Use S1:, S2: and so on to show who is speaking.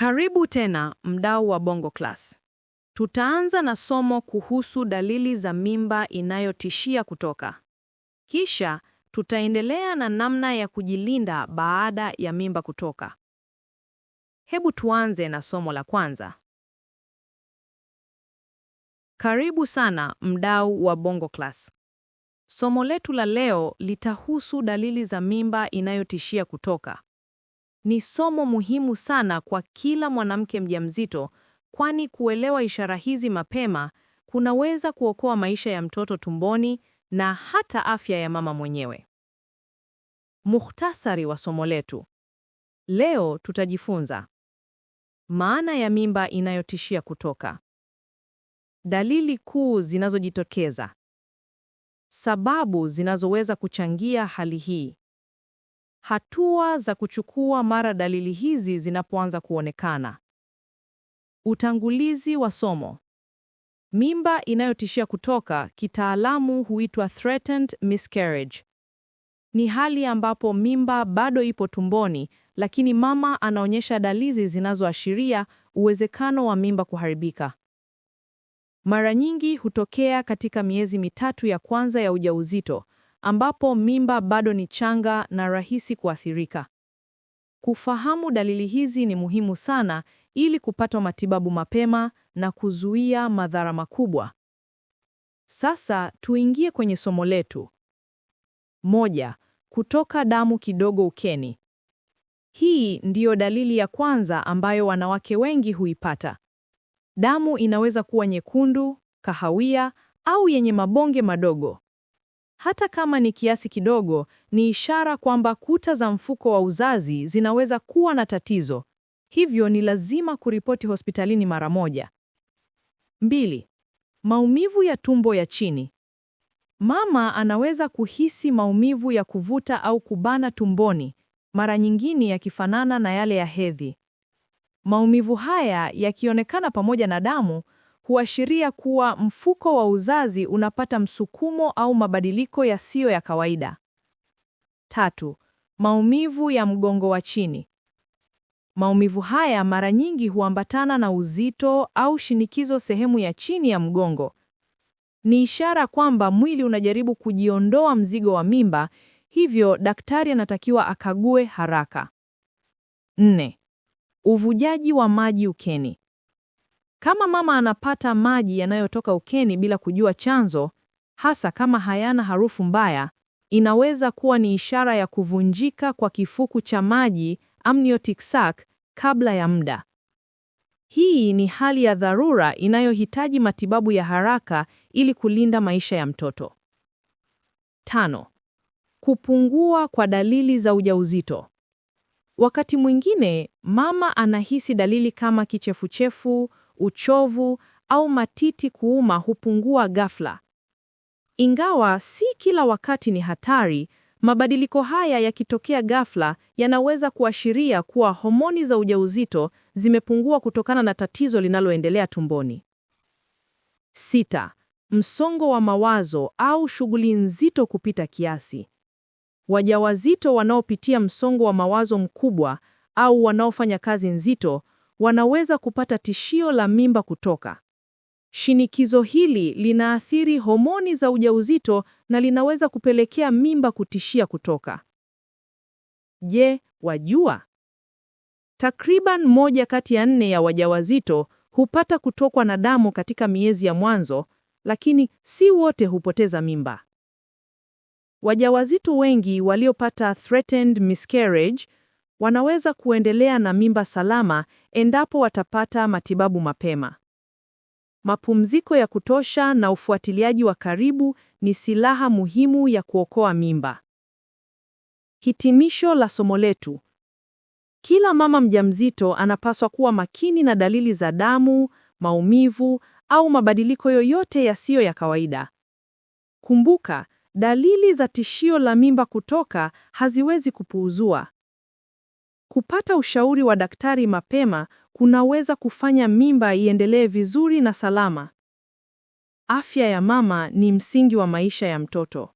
S1: Karibu tena mdau wa Bongo Class. Tutaanza na somo kuhusu dalili za mimba inayotishia kutoka. Kisha tutaendelea na namna ya kujilinda baada ya mimba kutoka. Hebu tuanze na somo la kwanza. Karibu sana mdau wa Bongo Class. Somo letu la leo litahusu dalili za mimba inayotishia kutoka. Ni somo muhimu sana kwa kila mwanamke mjamzito, kwani kuelewa ishara hizi mapema kunaweza kuokoa maisha ya mtoto tumboni na hata afya ya mama mwenyewe. Mukhtasari wa somo letu leo, tutajifunza maana ya mimba inayotishia kutoka, dalili kuu zinazojitokeza, sababu zinazoweza kuchangia hali hii, hatua za kuchukua mara dalili hizi zinapoanza kuonekana. Utangulizi wa somo. Mimba inayotishia kutoka kitaalamu huitwa threatened miscarriage. Ni hali ambapo mimba bado ipo tumboni, lakini mama anaonyesha dalili zinazoashiria uwezekano wa mimba kuharibika. Mara nyingi hutokea katika miezi mitatu ya kwanza ya ujauzito ambapo mimba bado ni changa na rahisi kuathirika. Kufahamu dalili hizi ni muhimu sana ili kupata matibabu mapema na kuzuia madhara makubwa. Sasa tuingie kwenye somo letu. Moja, kutoka damu kidogo ukeni. Hii ndiyo dalili ya kwanza ambayo wanawake wengi huipata. Damu inaweza kuwa nyekundu, kahawia au yenye mabonge madogo hata kama ni kiasi kidogo, ni ishara kwamba kuta za mfuko wa uzazi zinaweza kuwa na tatizo, hivyo ni lazima kuripoti hospitalini mara moja. Mbili, maumivu ya tumbo ya chini. Mama anaweza kuhisi maumivu ya kuvuta au kubana tumboni, mara nyingine yakifanana na yale ya hedhi. Maumivu haya yakionekana pamoja na damu huashiria kuwa mfuko wa uzazi unapata msukumo au mabadiliko yasiyo ya kawaida. Tatu, maumivu ya mgongo wa chini. Maumivu haya mara nyingi huambatana na uzito au shinikizo sehemu ya chini ya mgongo. Ni ishara kwamba mwili unajaribu kujiondoa mzigo wa mimba, hivyo daktari anatakiwa akague haraka. Nne, uvujaji wa maji ukeni. Kama mama anapata maji yanayotoka ukeni bila kujua chanzo, hasa kama hayana harufu mbaya, inaweza kuwa ni ishara ya kuvunjika kwa kifuku cha maji amniotic sac kabla ya muda. Hii ni hali ya dharura inayohitaji matibabu ya haraka ili kulinda maisha ya mtoto. Tano, kupungua kwa dalili za ujauzito. Wakati mwingine mama anahisi dalili kama kichefuchefu, uchovu au matiti kuuma hupungua ghafla. Ingawa si kila wakati ni hatari, mabadiliko haya yakitokea ghafla yanaweza kuashiria kuwa homoni za ujauzito zimepungua kutokana na tatizo linaloendelea tumboni. Sita, msongo wa mawazo au shughuli nzito kupita kiasi. Wajawazito wanaopitia msongo wa mawazo mkubwa au wanaofanya kazi nzito wanaweza kupata tishio la mimba kutoka. Shinikizo hili linaathiri homoni za ujauzito na linaweza kupelekea mimba kutishia kutoka. Je, wajua? Takriban moja kati ya nne ya wajawazito hupata kutokwa na damu katika miezi ya mwanzo, lakini si wote hupoteza mimba. Wajawazito wengi waliopata threatened miscarriage wanaweza kuendelea na mimba salama endapo watapata matibabu mapema. Mapumziko ya kutosha na ufuatiliaji wa karibu ni silaha muhimu ya kuokoa mimba. Hitimisho la somo letu. Kila mama mjamzito anapaswa kuwa makini na dalili za damu, maumivu au mabadiliko yoyote yasiyo ya kawaida. Kumbuka, dalili za tishio la mimba kutoka haziwezi kupuuzua. Kupata ushauri wa daktari mapema kunaweza kufanya mimba iendelee vizuri na salama. Afya ya mama ni msingi wa maisha ya mtoto.